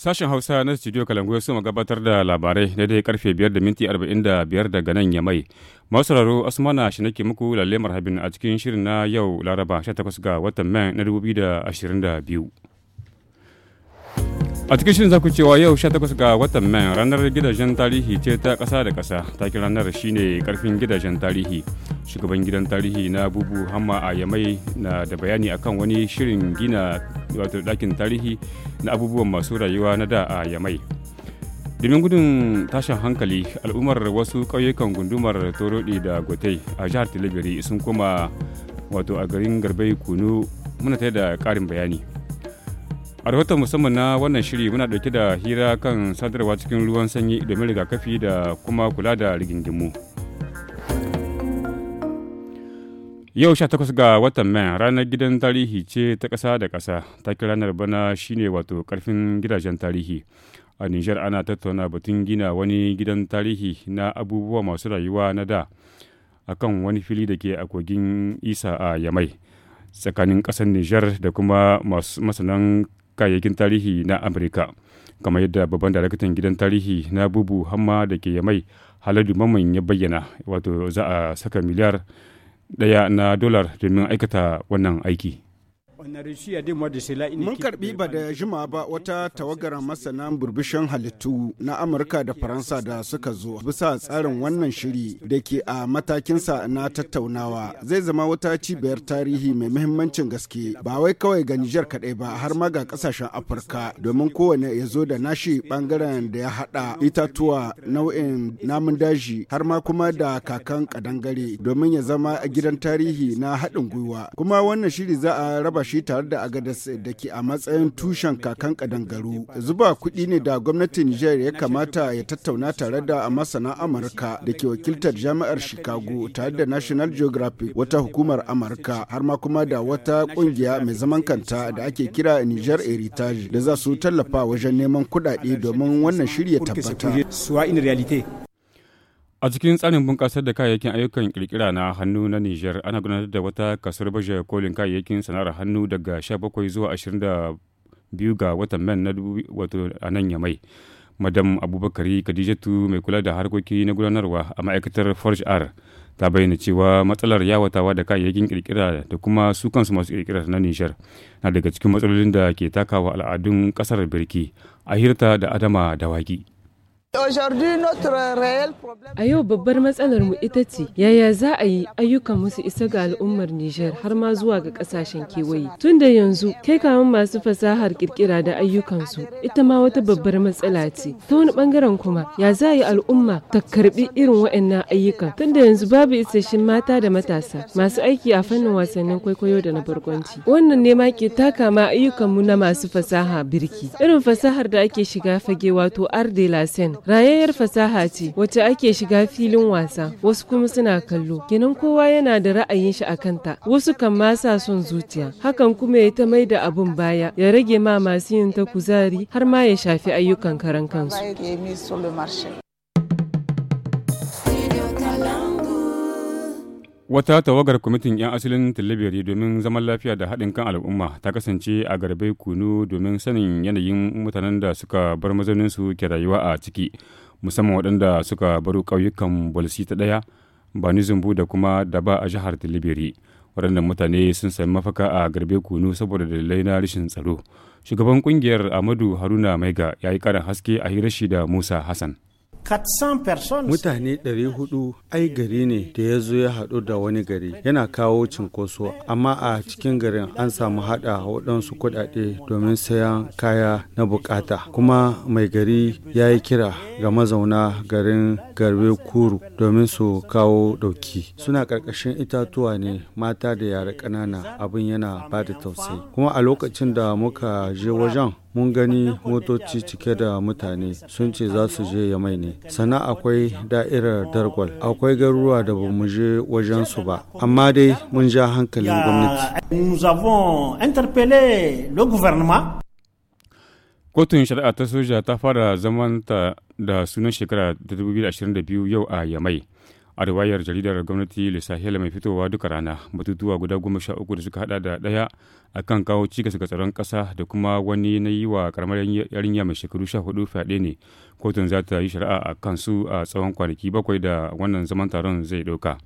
Sashen Hausa na Studio Kalangu ya gabatar da labarai daidai karfe 5 da minti 45 daga nan ya mai. Masararo Asmana shi nake muku lalle marhabin a cikin shirin na yau Laraba 18 ga watan Mai na 2022. A cikin shirin za cewa yau 18 ga watan Mai ranar gidajen tarihi ce ta ƙasa da ƙasa. Takin ranar shine karfin gidajen tarihi. Shugaban gidan tarihi na Bubu Hamma a Yamai na da bayani akan wani shirin gina wato ɗakin tarihi na abubuwan masu rayuwa na da a yamai domin gudun tashin hankali al'ummar wasu ƙauyukan gundumar torodi da gotai a jihar tilibiri sun koma wato a garin garbai kunu muna tare da ƙarin bayani a rahoton musamman na wannan shiri muna ɗauke da hira kan sadarwa cikin ruwan sanyi domin rigakafi da kuma kula da rigingimu. Yau sha takwas ga watan Mai ranar gidan tarihi ce ta ƙasa da ƙasa, kira ranar bana shine wato ƙarfin gidajen tarihi. A Nijar ana tattauna batun gina wani gidan tarihi na abubuwa masu rayuwa na da a kan wani fili da ke a kogin Isa a Yamai, tsakanin ƙasar Nijar da kuma masanan kayayyakin tarihi na Amurka. kamar yadda babban daraktan gidan tarihi na bubu hamma da ke yamai haladu mamman ya bayyana wato za a saka miliyar daya na dolar domin aikata wannan aiki. Mun karbi ba da juma ba wata tawagar masana burbushin halittu na Amurka da Faransa da suka zo bisa tsarin wannan shiri da ke a matakinsa na tattaunawa zai zama wata cibiyar tarihi mai muhimmancin gaske ba wai kawai ga Nijar kaɗai ba har ma ga ƙasashen Afirka domin kowane ya zo da nashi ɓangaren da ya haɗa itatuwa nau'in namun daji har ma kuma da kakan ƙadangare. domin ya zama gidan tarihi na haɗin gwiwa kuma wannan shiri za a raba shi tare da agadas da ke a matsayin tushen kakan kadangaru zuba kuɗi ne da gwamnatin niger ya kamata ya tattauna tare da masana amurka da ke wakiltar jami'ar chicago tare da national geographic wata hukumar amurka har ma kuma da wata kungiya mai zaman kanta da ake kira niger heritage da za su tallafa wajen neman kuɗaɗe domin wannan shirya tabbata A cikin tsarin bunƙasar da kayayyakin ayyukan ƙirƙira na hannu na Nijar ana gudanar da wata kasar baje kolin kayayyakin sana'ar hannu daga 17 zuwa 22 ga watan man na wato a nan yamai. Madam Abubakari Khadijatu mai kula da harkoki na gudanarwa a ma'aikatar Forge R ta bayyana cewa matsalar yawatawa da kayayyakin ƙirƙira da kuma su kansu masu ƙirƙirar na Nijar na daga cikin matsalolin da ke takawa al'adun ƙasar birki ahirta da Adama da Dawaki. A yau babbar matsalar mu ita ce yaya za a yi ayyukan musu isa ga al'ummar Nijar har ma zuwa ga kasashen kewaye. Tun da yanzu kai kamun masu fasahar kirkira da ayyukansu ita ma wata babbar matsala ce. Ta wani bangaren kuma ya za a yi al'umma ta karbi irin waɗannan ayyukan tun da yanzu babu isasshen mata da matasa masu aiki a fannin wasannin kwaikwayo da na barkwanci. Wannan ne ma ke taka ma ayyukan na masu fasaha birki. Irin fasahar da ake shiga fage wato ardelasen rayayyar fasaha ce wacce ake shiga filin wasa wasu kuma suna kallo kenan kowa yana da ra'ayin shi a kanta wasu kan ma sa son zuciya hakan kuma ya ta mai da abun baya ya rage ma masu yin ta kuzari har ma ya shafi ayyukan karan kansu Wata tawagar kwamitin 'yan asalin Tilibiri domin zaman lafiya da haɗin kan al'umma ta kasance a garbe kunu domin sanin yanayin mutanen da suka bar mazauninsu ke rayuwa a ciki, musamman waɗanda suka baro ƙauyukan Bolsi ta ɗaya, ni Zumbu da kuma da ba a jihar Tilibiri. Waɗannan mutane sun sami mafaka a garbe kunu saboda dalilai na rashin tsaro. Shugaban ƙungiyar Amadu Haruna Maiga ya yi ƙarin haske a hirashi da Musa Hassan. Mutane 400 ai gari ne da ya zo ya haɗu da wani gari yana kawo cinkoso amma a cikin garin an samu haɗa waɗansu kuɗaɗe domin sayan kaya na bukata kuma mai gari ya yi kira ga mazauna garin garbe kuru domin su kawo ɗauki suna ƙarƙashin itatuwa ne mata da yara ƙanana abin yana ba da tausayi kuma a lokacin da muka je wajen mun gani motoci cike da mutane sun ce za su je yamai ne sannan akwai da'irar dargwal akwai garuruwa da ba mu je wajen su ba amma dai mun ja hankalin gwamnati kotun shari'a ta soja ta fara zamanta da sunan shekara 2022 yau a yamai a riwayar jaridar gwamnati lissahila mai fitowa duka rana batutuwa guda goma sha uku da suka hada da daya kan kawo cikas ga tsaron kasa da kuma wani na yi wa karamar yarinya mai shekaru sha hudu fyaɗe ne kotun za ta yi shari'a a kan su a tsawon kwanaki bakwai da wannan zaman taron zai ɗauka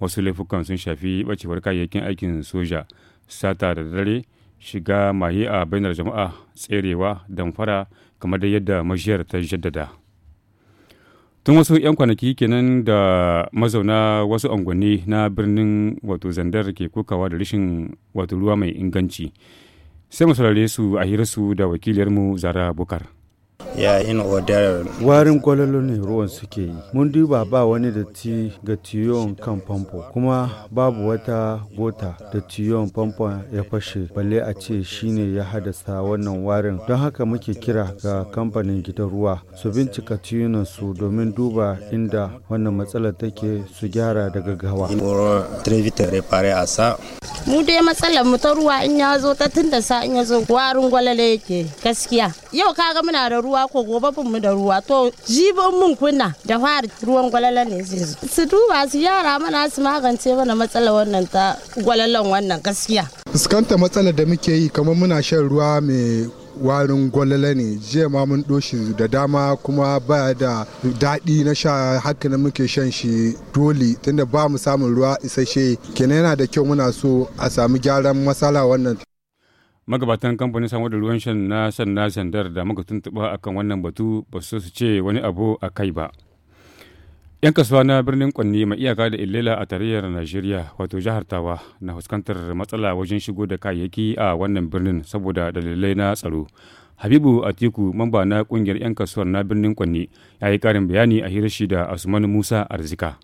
wasu laifukan sun shafi ɓacewar kayayyakin aikin soja sata da dare shiga maye a bainar jama'a tserewa damfara kamar da yadda majiyar ta jaddada. tun wasu 'yan kwanaki kenan da mazauna wasu unguwanni na birnin wato zandar ke kokawa da rashin wato ruwa mai inganci sai mu saurare su a hirarsu da wakiliyarmu zara bukar. ya in odar warin gwalolo ne ruwan suke yi mun duba ba wani da ti ga tiyon kan famfo kuma babu wata gota da tiyon famfo ya fashe balle a ce shine ya haddasa wannan warin don haka muke kira ga kamfanin gidan ruwa su bincika tiyunan su domin duba inda wannan matsalar take su gyara da gaggawa mu dai matsalar mu ta ruwa in ya zo ta tunda sa in ya zo warin gwalale yake gaskiya yau kaga muna da ruwa ko gobe bin mu da ruwa to jibin mun kunna da fara ruwan gwalala ne zai su duba su yara mana su magance mana matsala wannan ta gwalalan wannan gaskiya fuskanta matsalar da muke yi kamar muna shan ruwa mai warin gwalala ne jiya ma mun doshi da dama kuma ba da daɗi na sha haka muke shan shi dole tunda ba mu samun ruwa isasshe kenan yana da kyau muna so a samu gyaran matsala wannan magabatan kamfanin samar da ruwan shan na san na sandar da muka tuntuɓa akan wannan batu ba su su ce wani abu a kai ba yan kasuwa na birnin kwanne mai iyaka da illela a tarayyar najeriya wato jihar tawa na fuskantar matsala wajen shigo da kayayyaki a wannan birnin saboda dalilai na tsaro habibu atiku mamba na kungiyar yan kasuwar na birnin kwanne ya yi karin bayani a hirashi da asuman musa arzika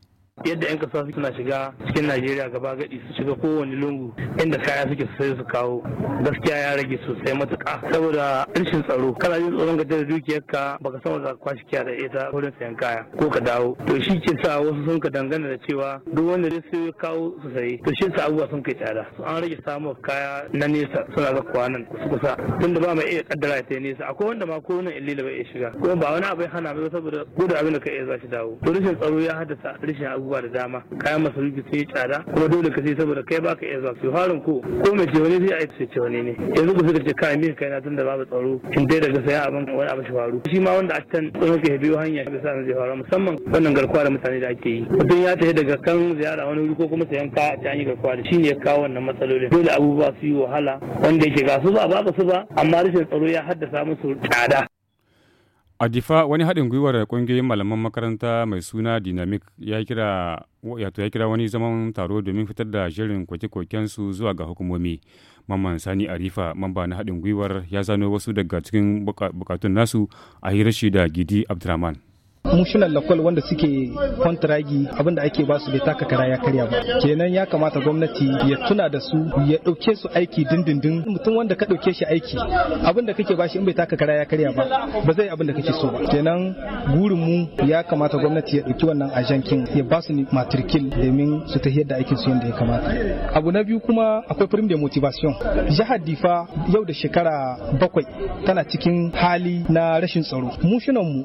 yadda 'yan kasuwa suna shiga cikin najeriya gaba gadi su shiga kowane lungu inda kaya suke sai su kawo gaskiya ya rage sosai matuka. saboda rashin tsaro kana jin tsoron ka tare dukiyarka baka san wanda kwashi kiya da ita wurin sayan kaya ko ka dawo to shi ke sa wasu sun ka dangana da cewa duk wanda zai sai kawo su sayi to shi sa abubuwa sun kai tsada an rage samun kaya na nesa suna ga kwanan kusa kusa tunda ba mai iya kaddara ta nesa akwai wanda ma ko nan illila bai iya shiga kuma ba wani abu ya hana mai saboda gudu abin da ka iya za shi dawo to rashin tsaro ya haddasa rashin abu abubuwa da dama kayan masarufi sun yi tsada kuma dole ka sai saboda kai baka iya zuwa su harin ko ko mai ce wani zai a ce ce wani ne yanzu ku suka ce kai me kai na tunda babu tsaro in dai daga sai abin wani abu shi faru shi ma wanda a can tsoron ka biyo hanya shi sa zai faru musamman wannan garkuwa da mutane da ake yi mutum ya tafi daga kan ziyara wani wuri ko kuma sayan kaya a can yi garkuwa da shi ne ya kawo wannan matsalolin dole abubuwa su yi wahala wanda yake ga su ba babu su ba amma rashin tsaro ya haddasa musu tsada a difa wani haɗin gwiwar ƙungiyoyin malaman makaranta mai suna dynamic ya kira ya kira wani zaman taro domin fitar da shirin koke su zuwa ga hukumomi mamman sani arifa mamba na haɗin gwiwar ya zano wasu daga cikin bukatun nasu a hirashi da gidi abdurrahman mushunan lakwal wanda suke kwantiragi abinda ake ba su bai taka kara ya karya ba kenan ya kamata gwamnati ya tuna da su ya dauke su aiki dindindin mutum wanda ka dauke shi aiki abinda kake ba shi in bai taka kara ya karya ba ba zai abinda kake so ba kenan burin mu ya kamata gwamnati ya dauki wannan ajankin ya ba su matrikil domin su tafiyar da aikin su yadda ya kamata abu na biyu kuma akwai firim de motivation jihar difa yau da shekara bakwai tana cikin hali na rashin tsaro mushunan mu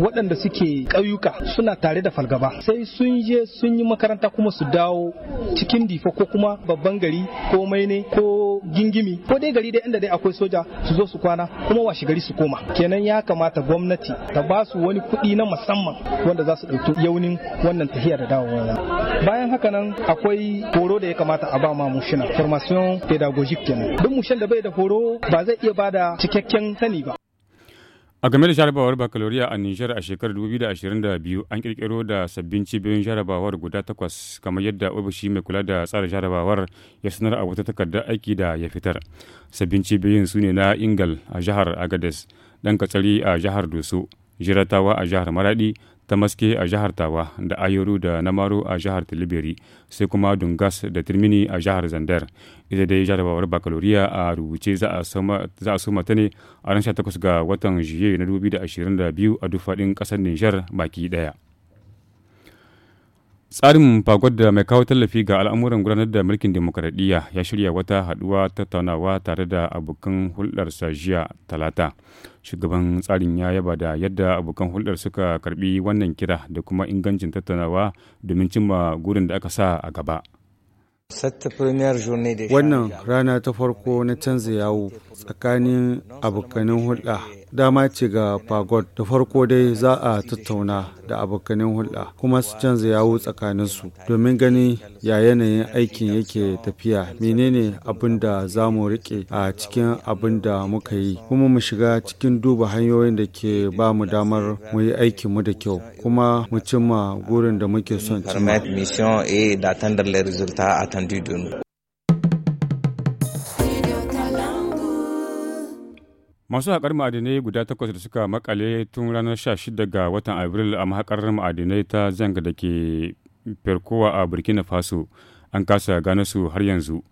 waɗanda suke ƙauyuka suna tare da falgaba sai sun je sun yi makaranta kuma su dawo cikin difa ko kuma babban gari ko maine ko gingimi ko dai gari dai inda dai akwai soja su zo su kwana kuma washe gari su koma kenan ya kamata gwamnati ta ba su wani kuɗi na musamman wanda za su ɗauki yaunin wannan tafiya da dawowa bayan haka nan akwai horo da ya kamata a ba ma mushina formation pedagogique kenan duk mushin da bai da horo ba zai iya bada cikakken sani ba A game da jarabawar bakaloriya a Nijar a shekarar 2022 an kirkiro da sabbin cibiyoyin jarabawar guda takwas kamar yadda ofishi mai kula da tsara jarabawar ya sanar a wata takardar aiki da ya fitar. Sabbin cibiyoyin su ne na Ingal a jihar Agades, dan katsari a jihar Doso, Jiratawa a jihar Maradi, ta maske a jihar tawa da ayoru da namaro a jihar tilibiri sai kuma dungas da tirmini a jihar zandar ita dai jarabawar bakaloriya a rubuce za a soma ta ne a ran 18 ga watan juye na 2022 a duk faɗin ƙasar nijar baki ɗaya. tsarin fagod da mai kawo tallafi ga al'amuran gudanar da mulkin demokaradiyya ya shirya wata haduwa tattaunawa tare da abokan hulɗar jiya talata shugaban tsarin ya yaba da yadda abokan hulɗar suka karbi wannan kira da kuma ingancin tattaunawa domin cimma gurin da aka sa a gaba Wannan rana ta farko na canza yawo tsakanin abokanin hulɗa dama ce ga Fagot da farko dai za a tattauna da abokanin hulɗa kuma su canza yawo tsakaninsu domin ganin ya yanayin aikin yake tafiya menene abin da za mu riƙe a cikin abin da muka yi kuma mu shiga cikin duba hanyoyin da ke ba mu damar mu yi mu da kyau kuma mu cimma gurin da muke son cimma. masu haƙar ma'adinai guda takwas da suka makale tun ranar 16 ga watan abril a mahaƙar ma'adinai ta zanga da ke farkowa a burkina faso an kasa gano su har yanzu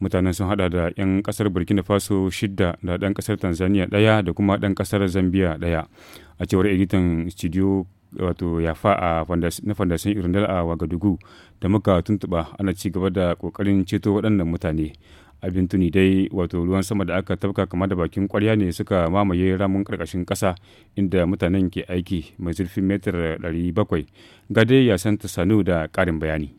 mutanen sun hada da 'yan kasar burkina faso shidda da ɗan kasar tanzania ɗaya da kuma ɗan kasar zambia ɗaya a cewar editan studio wato yafa a na fandasin irindal a wagadugu da muka tuntuɓa ana ci gaba da ƙoƙarin ceto waɗannan mutane abin tuni dai wato ruwan sama da aka tafka kama da bakin kwarya ne suka mamaye ramin karkashin ƙasa inda mutanen ke aiki mai zurfin metar 700 ga dai santa sanu da ƙarin bayani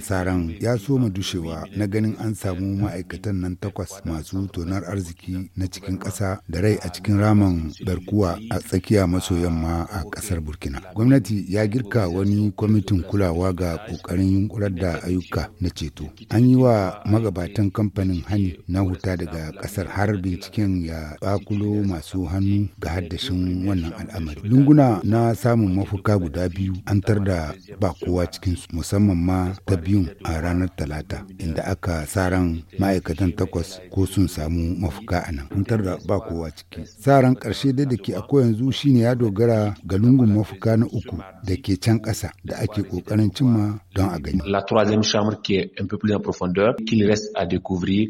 Tsaron ya soma dushewa na ganin an samu ma'aikatan nan takwas masu tonar arziki na cikin ƙasa da rai a cikin raman barkuwa a tsakiya maso yamma a ƙasar Burkina. Gwamnati ya girka wani kwamitin kulawa ga ƙoƙarin yunkurar da ayyuka na ceto. An yi wa magabatan kamfanin hani na huta daga ƙasar har binciken ya bakulo masu hannu ga haddashin wannan al'amari. Lunguna na samun mafuka guda biyu an tar da ba kowa cikin musamman ma ta biyu a ranar talata inda aka sa ran ma'aikatan takwas ko sun samu mafuka a nan hantar da ba kowa ciki sa ran ƙarshe dai da ke akwai yanzu shine ya dogara ga lungun mafuka na uku da ke can ƙasa da ake ƙoƙarin cimma don a gani. La troisième chambre qui est un peu plus en profondeur, qu'il reste à découvrir.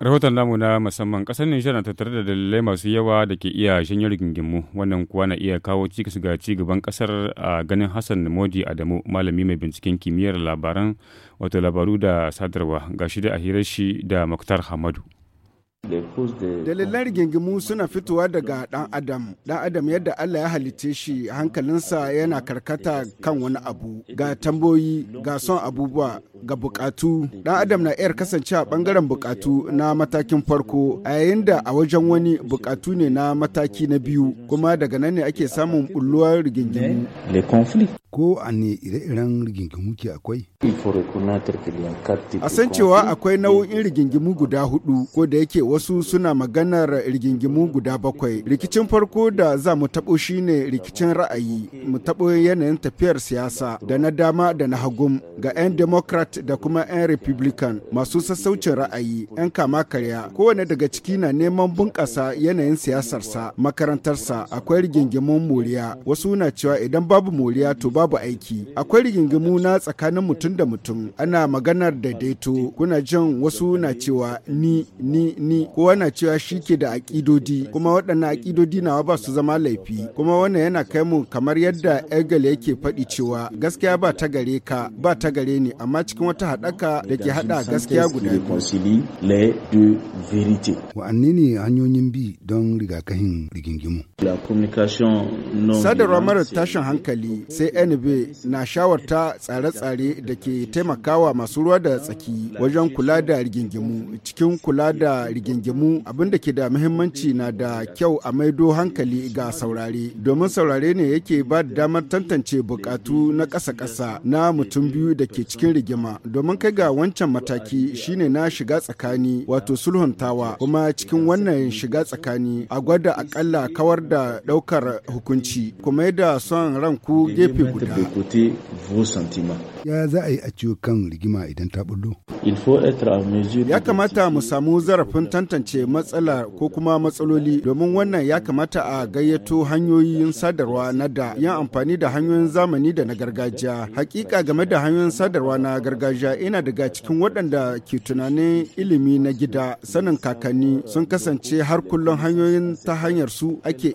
rahoton namu na musamman kasar nijar na tattare da dalilai masu yawa da ke iya shanye rigingimu wannan kuwa na iya kawo cikas ga ci gaban kasar a ganin hassan modi adamu malami mai binciken kimiyyar labaran wato labaru da sadarwa ga shi a hirar shi da muktar hamadu Dalilan rigingimu suna fitowa daga dan Adam. dan Adam yadda Allah ya halitte shi hankalinsa yana karkata kan wani abu, ga tamboyi, ga son abubuwa, ga bukatu ɗan adam na iya kasance a bangaren bukatu na matakin farko a yayin da a wajen wani bukatu ne na mataki na biyu kuma daga nan ne ake samun bulluwar rigingimu ko a ne ire-iren rigingimu ke akwai a san cewa akwai nau'in rigingimu guda hudu ko da yake wasu suna maganar rigingimu guda bakwai rikicin farko da za mu taɓo shine rikicin ra'ayi mu taɓo yanayin tafiyar siyasa da na dama da na hagum ga 'yan democrat democrat da kuma 'yan republican masu sassaucin ra'ayi 'yan kama karya kowane daga ciki na neman bunƙasa yanayin siyasarsa makarantarsa akwai rigingimun moriya wasu na cewa idan babu moriya to babu aiki akwai rigingimu na tsakanin mutum da mutum ana maganar daidaito kuna jin wasu na cewa ni ni ni kowa na cewa shi ke da aƙidodi kuma waɗannan aƙidodi nawa ba su zama laifi kuma wannan yana kai mu kamar yadda Egel yake faɗi cewa gaskiya ba ta gare ka ba ta gare ni amma cikin cikin wata haɗaka da ke haɗa gaskiya guda biyu. Wa'anni ne hanyoyin bi don rigakafin rigingimu? Sadarwa mara tashin hankali sai NB na shawarta tsare-tsare da ke taimakawa masu ruwa da tsaki wajen kula da rigingimu. Cikin kula da rigingimu abin da ke da muhimmanci na da kyau a maido hankali ga saurare. Domin saurare ne yake ba da damar tantance bukatu na ƙasa-ƙasa na mutum biyu da ke cikin rigima. Domin kai ga wancan mataki shine na shiga tsakani wato sulhuntawa kuma cikin wannan shiga tsakani a gwada akalla kawar da ɗaukar hukunci kuma yadda son ranku gefe guda. Ya za a yi a ciwo kan rigima idan ta bullo? Ya kamata mu samu zarafin tantance matsala ko kuma matsaloli domin wannan ya kamata a gayyato hanyoyin sadarwa na da yin amfani da hanyoyin zamani da na gargajiya. Hakika game da hanyoyin sadarwa na gargajiya ina daga cikin waɗanda ke tunanin ilimi na gida sanin kakanni sun kasance har kullum hanyoyin ta hanyar su ake